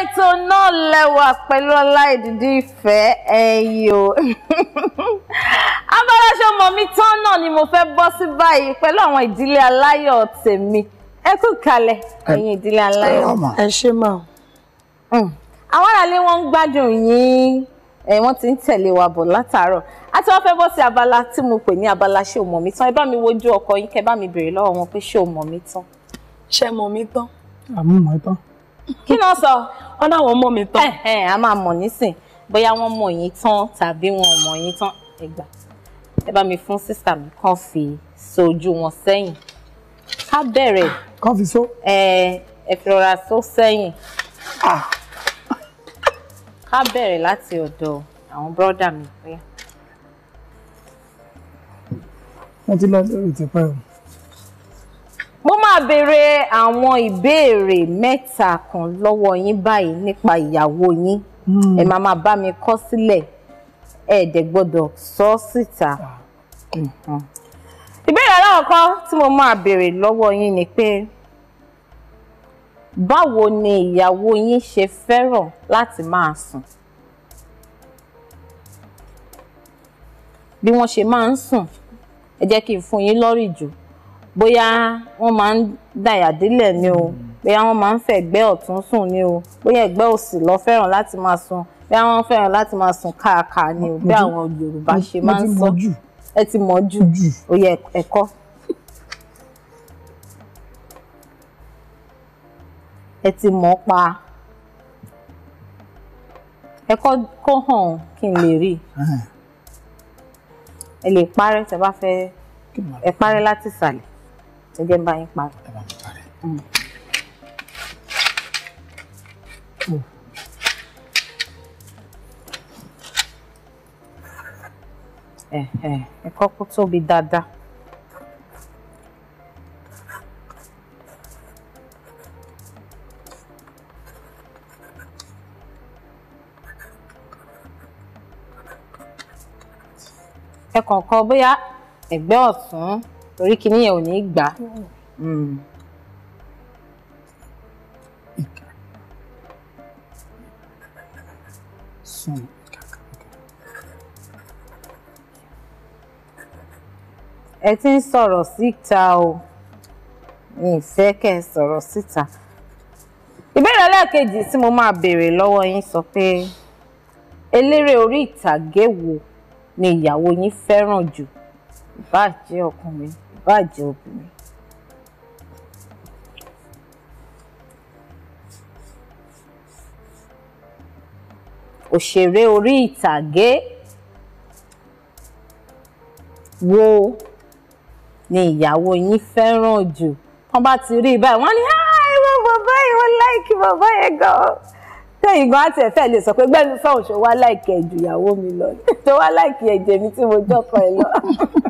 ètò náà lẹ́wà pẹ̀lú Ọláìdídí ìfẹ́ ẹ̀yìn o abáraṣọ mọ̀mí tán náà ni mo fẹ́ bọ́ sí báyìí pẹ̀lú àwọn ìdílé aláyọ̀ tèmi ẹ kú kalẹ̀ ẹ̀yin ìdílé aláyọ̀ ẹ ṣe mọ̀ mm. àwọn aráalé wọn ń gbádùn yín wọ́n ti ń tẹ̀lé wa bọ̀ látàárọ̀ àti wọ́n fẹ́ bọ́ sí abala tí mo pè ní abala ṣé o mọ̀ mí tán ẹ bá mi wojú ọkọ yín kẹ́ bá mi béèrè lọ́wọ́ wọn pé ṣé o mọ̀ mí tán. ṣé mọ̀ mí tán. àmú mọ̀ tán. kí ni wọ́n sọ wọ́n láwọn mọ̀ mi tán. ẹ eh, ẹ eh, a máa mọ̀ nísìn bóyá wọ́n mọ̀ yín tán tàbí wọn ò mọ̀ yín tán ẹ gbà ẹ bá mi fún sísà mi kàn fi sojú wọn sẹ́yìn ká bẹ̀rẹ̀. kàn fi so. ẹ ẹ fi rọra so sẹ́yìn. Ah. ká bẹ̀rẹ̀ láti ọ̀dọ̀ àwọn bọ́dà mi bóyá. wọ́n ti lọ lórí ìtẹ́pẹ́ o máa béèrè àwọn ìbéèrè mẹ́ta kan lọ́wọ́ yín báyìí nípa ìyàwó yín hmm. ẹ máa máa bá mi kọ sílẹ̀ ẹ dẹ̀ gbọ́dọ̀ sọ síta. Ah. ìbéèrè aláwọ̀kọ́ tí mo máa béèrè lọ́wọ́ yín ni pé báwo ni ìyàwó yín ṣe fẹ́ràn láti máa sùn? bí wọ́n ṣe máa ń sùn ẹ jẹ́ kí n fún yín lórí jù bóyá wọ́n máa ń dàyà délẹ̀ ni o hmm. bóyá wọ́n máa ń fẹ́ ẹ̀gbẹ́ ọ̀tún sùn ni o bóyá ẹ̀gbẹ́ òsì lọ fẹ́ràn láti máa sùn bóyá wọ́n fẹ́ràn láti máa sùn káàkà ni o bí àwọn Yorùbá ṣe máa ń sọ ẹ ti mọ̀ jù ó yẹ ẹ ti mọ̀ pa ẹ̀kọ́ kó hàn kí n lè rí ẹ lè parẹ́ tẹ́ bá fẹ́ ẹ parẹ́ láti ìsàlẹ̀ ẹ jẹ́ ń eh eh, parí. ẹ bá mi parí. ẹ̀kọ́ kó tóbi dáadáa. ẹ̀kọ̀ọ̀kan bóyá ẹ̀gbẹ́ ọ̀tún torí kinní yẹn ò ní gbà. Hmm. ẹ ti ń sọ̀rọ̀ síta o ìfẹ́ kẹ́ ẹ sọ̀rọ̀ síta ìbéèrè ẹlẹ́ẹ̀kejì tí mo máa béèrè lọ́wọ́ yín sọ pé eléré orí ìtàgé wo ni ìyàwó yín fẹ́ràn jù ìbáà jẹ́ ọkùnrin bá jẹ́ obìnrin. òṣèré orí ìtàgé wo ni ìyàwó yín fẹ́ràn jù wọ́n bá ti rí i báyìí wọ́n ní ah, ìwọ bàbá ìwọ láìkì bàbá yẹn gan-an tẹ́yìn gan àti ẹ̀fẹ́ lè sọ pé gbẹ́mi fẹ́ràn ṣe wá láìkì ẹ̀ ju ìyàwó mi lọ tó wá láìkì ẹ̀jẹ̀ mi tí mo jọ́kọ̀ ẹ̀ lọ.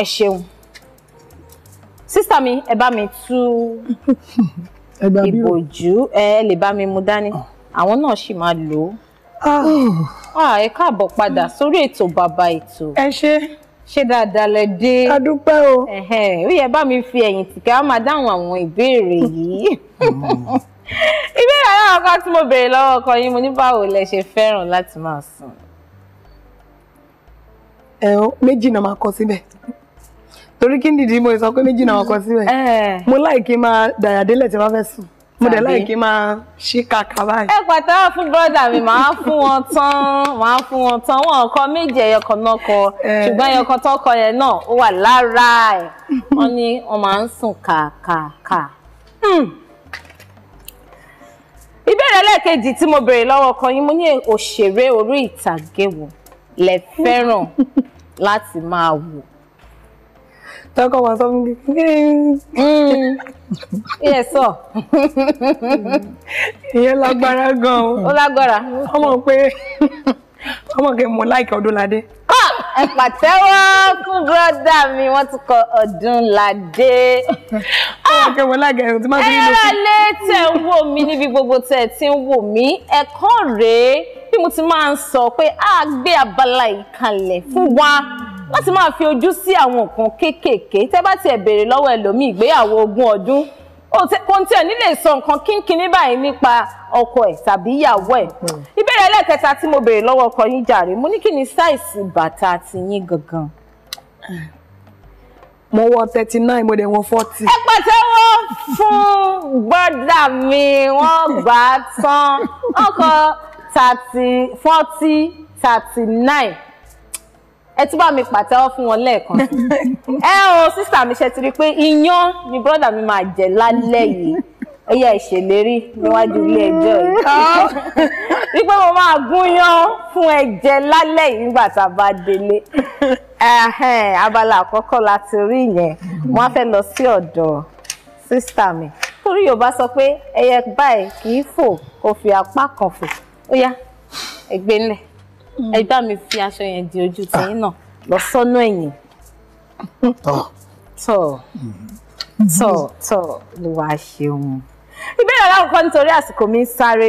ẹ ṣeun sísá mi ẹ bá mi tú ìbòjú ẹ lè bá mi mú dání ah. àwọn náà sì máa lò ó ah. Ah, ẹ káàbọ̀ padà sórí ètò bàbá ètò ẹ ṣe ṣe dáadáa lẹ dé a dúpẹ́ o ó yẹ bá mi fi ẹ̀yìn tìkẹ́ á máa dáhùn àwọn ìbéèrè yìí ìbéèrè aláwọ̀ká tí mo béèrè lọ́wọ́ ọkọ yín mo ní báwo lẹ ṣe fẹ́ràn láti máa sùn. ẹ méjì náà máa kọ síbẹ̀ torí kí n dìdí mo sọ pé méjì náà ọkọ síbẹ̀ eh. mo láìkí máa dàyàdélẹ̀ tí wọ́n fẹ́ sùn mo dẹ̀ láìkí máa ṣí kàkà báyìí. ẹ pàtàkì fún bọ́dà mi màá fún wọn tán màá fún wọn tán wọn kọ méjì ẹyọkọ náà kọ eh. ṣùgbọ́n ẹyọkọ tó kọ yẹn náà ó wà lára ẹ wọn ni wọn máa ń sùn kàkàkà. Hmm. ìbéèrè ẹlẹ́ẹ̀kejì tí mo béèrè lọ́wọ́ kan yín mo ní òṣèré orí ìtàgé wo lẹ fẹ́ràn láti máa wò. tọkọ wa sọ Yes, mi. iye sọ. ìyẹn lágbára gan o. ó lágbára. ọmọ pé ọmọ kẹ mọ láìka Ọdúnládé. ẹ pàtẹ́wọ́ fún bọ́dà mi wọ́n ti kọ Ọdúnládé. ọmọ kẹ mọ láìka ẹ̀rọ tí máa fi ń lọ sí. ẹ lálẹ́ tẹ̀ ń wò mí gbogbo tẹ̀ ti ń wò mí ẹ̀kọ́ rèé bí mo ti máa ń sọ a gbé abala ìkàlẹ̀ fún wa. Mm láti máa fi ojú sí àwọn nǹkan kéékèèké tẹ́ bá tiẹ̀ béèrè lọ́wọ́ ẹlòmíì ìgbéyàwó ogún ọdún kòńtì ẹ̀ nílè sọ nǹkan kínkínní báyìí nípa ọkọ ẹ̀ tàbí ìyàwó ẹ̀ hmm. ìbéèrè ẹlẹ́kẹta tí mo béèrè lọ́wọ́ ọkọ yín jàre mo ní kí ni sáìsì bàtà ti yín gangan. mo wọ thirty nine mo dẹ̀ wọ forty. ẹ pàtẹ́wọ́ fún gbọ́dà mi wọ́n gbà á tán ọkọ̀ forty thirty nine ẹ tún bá mi pàtẹ́wọ́ fún wọn lẹ́ẹ̀kan ẹ o sísà mi ṣe ti rí i pé iyán ni bọ́dà mi máa jẹ lálẹ́ yìí ẹyẹ ìṣèlérí níwájú ilé ẹjọ́ yìí wípé mo máa gúnyán fún ẹ jẹ lálẹ́ yìí nígbà tá a bá délé abala àkọ́kọ́ láti rí yẹn wọ́n á fẹ́ lọ sí ọ̀dọ̀ sísà mi torí Yorùbá sọ pé ẹyẹ báyìí kì í fò kó fi apá kan fò ó yá ẹgbẹ́ ńlẹ̀ ẹ bá mi fi aṣọ yẹn di ojú tẹ̀yìn náà lọ sọ́nà ẹ̀yìn tọ̀ tọ̀ tọ̀ ló wàá ṣeun. ìbéèrè aláwọ̀ kan nítorí àsìkò mi ń sáré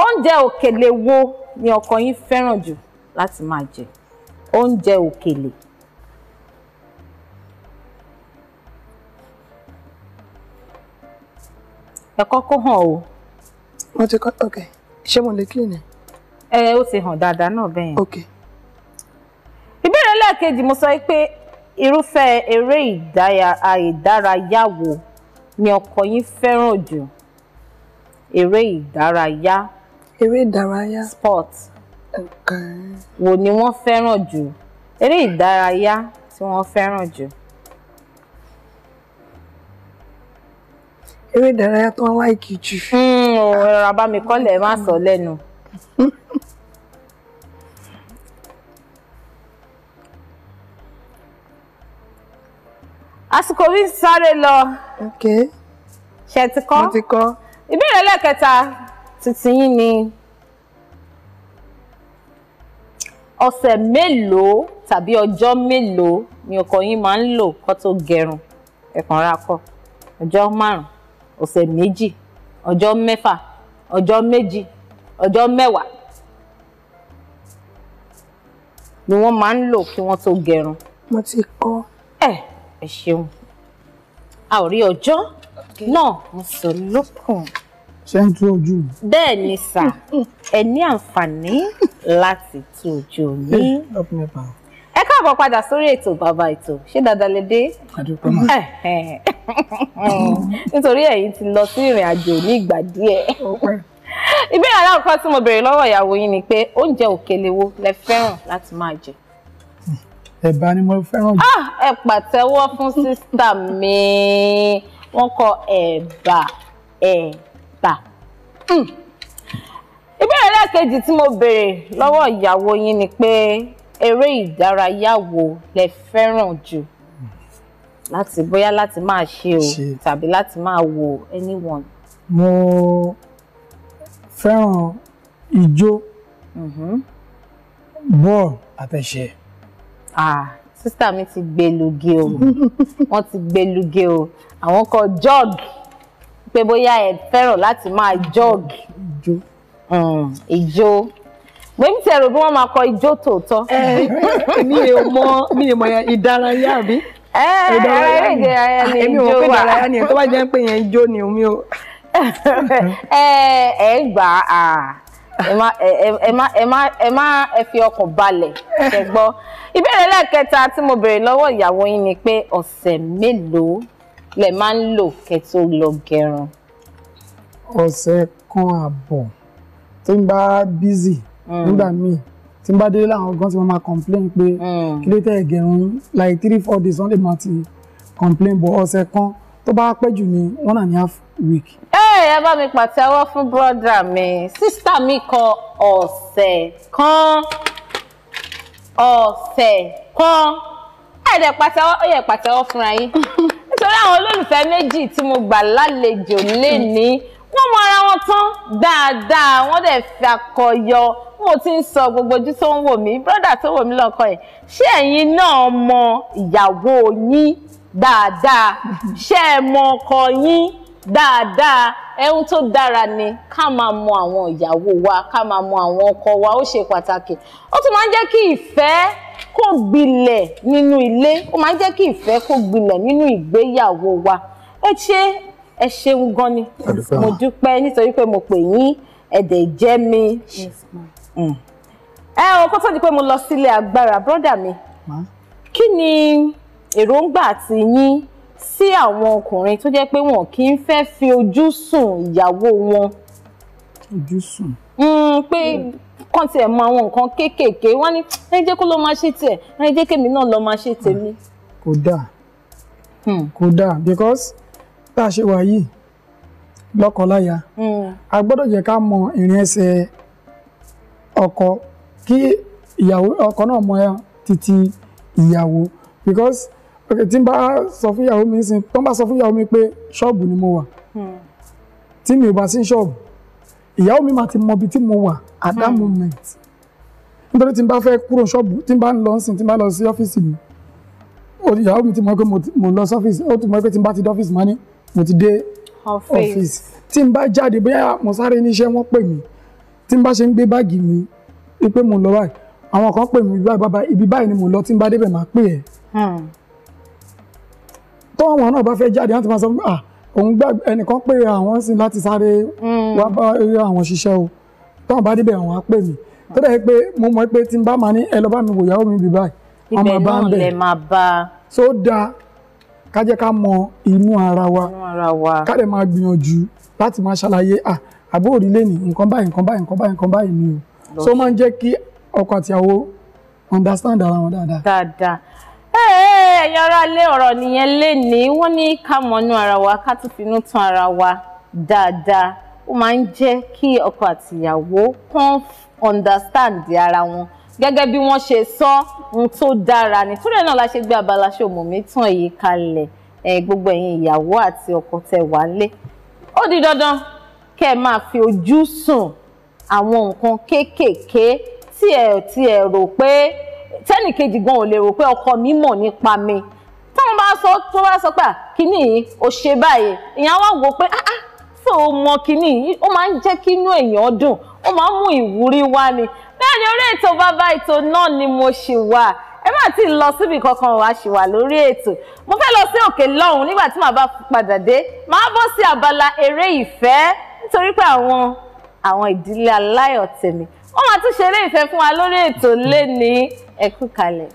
oúnjẹ òkèlè wo ni ọkọ yín fẹ́ràn jù láti máa jẹ oúnjẹ òkèlè. ẹ kọ́kọ́ hàn o. mo ti kọ́ ok ṣé mo lè kí ni ẹ ó ti hàn dáadáa náà bẹ́ẹ̀. ìbéèrè lẹ́ẹ̀kejì mo sọ pé irúfẹ́ eré ìdárayá wo ni ọkọ yín fẹ́ràn jù eré ìdárayá. eré ìdárayá. sport. wo ni wọ́n fẹ́ràn jù eré ìdárayá tí wọ́n fẹ́ràn jù. eré ìdárayá tó ń láìkì ọ̀rọ̀ àbámi kọ́lẹ̀ sọ lẹ́nu. Hmm. àsìkò mi sáré lọ ṣe ti kọ́ mo ti kọ́ ìbéèrè lẹ́ẹ̀kẹta títí yín ni ọ̀sẹ̀ mélòó tàbí ọjọ́ mélòó ni ọkọ yín máa ń lò kó tó gẹrun ẹ̀kànra kọ ọjọ́ márùn-ún ọ̀sẹ̀ méjì ọjọ́ mẹ́fà ọjọ́ méjì ọjọ́ mẹ́wàá ni wọ́n máa ń lò kí wọ́n tó gẹrun. mo ti kọ́. ẹ eh ẹ ṣeun a ò rí ọjọ́ náà mo sọ lókun. ṣé ń tú ojú mi. bẹ́ẹ̀ ni sà ẹ ní àǹfààní láti tú ojú mi. ẹ káàbọ̀ padà sórí ètò bàbá ètò ṣé dáadáa lè dé. nítorí ẹ̀yin ti lọ sí ìrìn àjò ní ìgbà díẹ̀ ìbéèrè aláwọ̀ kan tí mo béèrè lọ́wọ́ ìyàwó yín ni pé oúnjẹ òkèlè wo lẹ fẹ́ràn láti máa jẹ ẹ̀bà ni mo fẹ́ràn jù. Ah, ẹ pàtẹ́wọ́ fún sísítà mi wọ́n kọ ẹ̀bà ẹ̀bà. Hmm. ìbéèrè lẹ́ẹ̀kejì tí mo béèrè lọ́wọ́ ìyàwó yín ni pé eré ìdárayá wo lẹ fẹ́ràn jù láti bóyá láti máa ṣe o tàbí láti máa wo anyone. mo fẹ́ràn ijó mm-hmm. bọ́ọ̀lù àtẹ̀ṣẹ́. Ah, sísá mi ti gbẹlúgẹ o wọ́n ti gbẹlúgẹ o àwọn kan jọ́ọ̀gì pé bóyá ẹ fẹ́ràn láti máa jọ́ọ̀gì ìjó gbẹ̀mí hmm, tí ẹ̀rọ bí wọ́n máa kọ ijó tòótọ́. Eh, mi lè mọ mi lè mọ ìdárayá mi. Eh, ìdárayá mi ah, ah, èmi ò mọ pé ìdárayá ni tó bá jẹ́ pé yẹn ijó ni omi o. Eh, ẹ ẹ gbà á ẹ má ẹ má ẹ má ẹ má ẹ fi ọkàn balẹ̀ ṣe gbọ́. ìbéèrè lẹ́ẹ̀kẹta tí mo béèrè lọ́wọ́ ìyàwó yín ni pé ọ̀sẹ̀ mélòó lẹ máa ń lò kẹ́ tó lọ gẹrun. ọ̀sẹ̀ kan àbọ̀ tí n bá bízì mm. nígbà míì tí n bá délé láwọn gan tí wọ́n máa complain pé mm. kí tẹ̀ gẹrun like three four days wọ́n lè máa ti complain bọ̀ ọ̀sẹ̀ kan tó bá pẹ́ jù ní wọ́n náà ní àfọ̀ week. ẹ ẹ bá mi pàtẹ́wọ́ fún brọ́dà mi sísítà mi kọ ọ̀sẹ̀ kan ọ̀sẹ̀ kan ẹ̀ẹ́dẹ̀ pàtẹ́wọ́ ó yẹ pàtẹ́wọ́ fúnra yín nítorí àwọn olólùfẹ́ méjì tí mo gbà lálejò lénìí wọ́n mọ ara wọn tán dáadáa wọ́n dẹ̀ fi akọyọ mo ti ń sọ gbogbo ojú tó ń wò mí brọ́dà tó wò mí lọ́kọ yẹn ṣé ẹ̀yin náà mọ ìyàwó yín dáadáa ṣé ẹ mọ ọkọ yín dáadáa ẹ̀hún tó dára ni ká máa mọ àwọn ìyàwó wa ká máa mọ àwọn ọkọ wa ó ṣe pàtàkì ó tún máa ń jẹ́ kí ìfẹ́ kó gbilẹ̀ nínú ilé ó máa ń jẹ́ kí ìfẹ́ kó gbilẹ̀ nínú ìgbéyàwó wa ẹ ṣe ẹ ṣeun gan ni mo dúpẹ́ nítorí pé mo pè yín ẹ̀dẹ̀ jẹ́ mi mm. ẹ ò kó tó di pé mo lọ sílé agbára brọ́dà mi kí ni èròǹgbà àti yín sí àwọn ọkùnrin tó jẹ́ pé wọn kì í fẹ́ fi ojú sùn ìyàwó wọn. ojú sùn. Hmm, pé hmm. kàn tiẹ̀ mọ àwọn nǹkan kéékèèké wọ́n ní ẹ jẹ́ kó lọ máa ṣe tiẹ̀ ẹ jẹ́ kémi náà lọ máa ṣe tèmi. Hmm. kò dáa kò dáa because tá a ṣe wà yìí lọ́kọláya a gbọ́dọ̀ jẹ́ ká mọ ìrìn ẹsẹ̀ ọkọ kí ìyàwó ọkọ náà mọ títí ìyàwó because ok tí n bá sọ fún ìyàwó mi sin tó ń bá sọ fún ìyàwó mi pé ṣọ́ọ̀bù ni mo wà hmm. tí mi ò bá sí ṣọ́ọ̀bù ìyàwó mi máa ti mọ ibi tí mo wà at that hmm. moment nítorí tí n bá fẹ́ kúrò ṣọ́ọ̀bù tí n bá ń lọ sin tí n bá lọ sí ọ́fíìsì mi ìyàwó mi ti mọ pé mo lọ sí ọ́fíìsì ó ti mọ pé tí n bá ti dé ọ́fíìsì máa mo ti dé ọ́fíìsì tí n bá jáde bóyá mo sáré níṣẹ́ wọ́n pè mí tí n bá ṣe ń gbé báàgì mi pé mo lọ báyìí àwọn kan pè mí ibi báyìí ni mo lọ tí n bá débẹ̀ máa pè ẹ́ hmm tọ́wọ́n náà bá fẹ́ jáde wọ́n ti máa sọ pé òun gbà ẹnìkan pé àwọn sì láti sáré hmm. wá bá àwọn ṣiṣẹ́ o tọ́wọ́n bá débẹ̀ àwọn á pè mí tó dẹ̀ pé mo mọ̀ pé tí n bá máa ní ẹ lọ bá mi wò ìyàwó mi bì báyìí ọmọ bá ń bẹ̀ so dáa ká jẹ́ ká mọ inú ara wa ká dẹ̀ máa gbìyànjú láti máa ṣàlàyé à àbó òrìlé ni nǹkan báyìí nǹkan báyìí nǹkan báyìí nǹkan báyìí ni o so máa ń jẹ́ kí ọkọ àtìyàwó understand ara wọn dáadáa. dáadáa ẹ ẹ ẹ̀yin aráalé ọ̀rọ̀ nìyẹn lé ní wọ́n ní ká mọ̀nú ara wa ká tún finú tán ara wa dáadáa ó máa ń jẹ́ kí ọkọ àtìyàwó kan understand ara wọn gẹ́gẹ́ bí wọ́n ṣe sọ ohun tó dára ni torí ẹ̀ náà la ṣe gbé abala ṣòmò mi tàn yìí kalẹ̀ gbogbo ẹ̀yin ìyàwó àti ọkọ tẹ́ wà lé ó di dandan kẹ́ ẹ máa fi ojú sùn àwọn nǹkan kéékèèké tí ẹ tí ẹ rò pé tẹ́nì kejì gan ò lè rò pé ọkọ mi mọ̀ nípa mi táwọn bá sọ tó bá sọ pé kíní yìí ò ṣe báyìí ìyẹn wá wò pé ah ah tó o mọ kíní yìí ó máa ń jẹ́ kí inú èèyàn dùn ó máa ń mú ìwúrí wá ni bẹ́ẹ̀ ni orí ètò bàbá ètò náà ni mo ṣì wà ẹ má ti lọ síbi kankan wá ṣì wà lórí ètò mo fẹ́ lọ sí òkè lọ́hùn nígbà tí màá bá padà dé màá bọ́ sí abala eré ìfẹ́ nítorí pé àwọn àwọn ìdílé aláyọ̀ tèmi wọ́n máa tún ṣeré ìfẹ́ fún wa lórí ètò lẹ́ni ẹ̀kú kalẹ̀.